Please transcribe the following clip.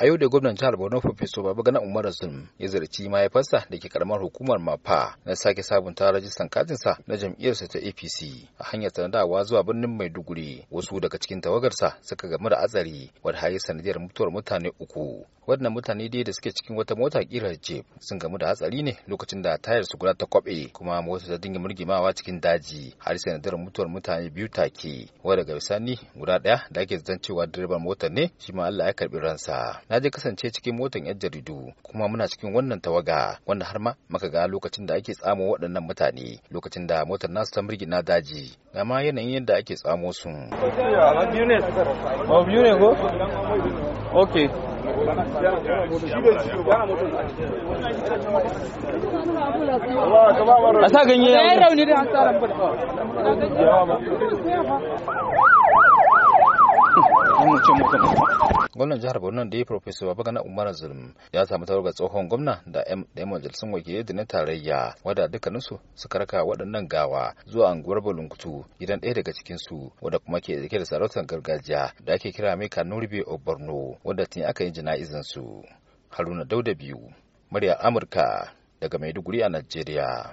a yau da gwamnan jihar borno professor babagana umar zulum ya zarci mahaifarsa da ke karamar hukumar mafa na sake sabunta rajistan katinsa na jam'iyyarsa ta apc a hanyar sanadawa zuwa birnin maiduguri wasu daga cikin tawagarsa suka gamu da hatsari wadda hayi sanadiyar mutuwar mutane uku wadannan mutane dai da suke cikin wata mota kirar jeep sun gamu da hatsari ne lokacin da tayar su guda ta kwabe kuma mota ta dinga murgimawa cikin daji har sanadiyar mutuwar mutane biyu take wadda ga bisani guda ɗaya da ake zancewa cewa direban motar ne shi ma Allah ya karbi ransa na je kasance cikin motan yan jaridu kuma muna cikin wannan tawaga wanda har ma maka ga lokacin da ake tsamo waɗannan mutane lokacin da motar nasu ta na daji ga ma yanayin yadda ake tsamo su. Okay. rauni da gwamnan jihar borno da ya profesa babagana umar zulum ya samu tawagar tsohon gwamna da yan majalisun wakilai da na tarayya wadda dukkaninsu suka raka waɗannan gawa zuwa anguwar balunkutu gidan ɗaya daga cikinsu wadda kuma ke da sarautar gargajiya da ake kira mai kanurbe borno wadda tun aka yi janaizan su haruna dauda biyu murya amurka daga maiduguri a najeriya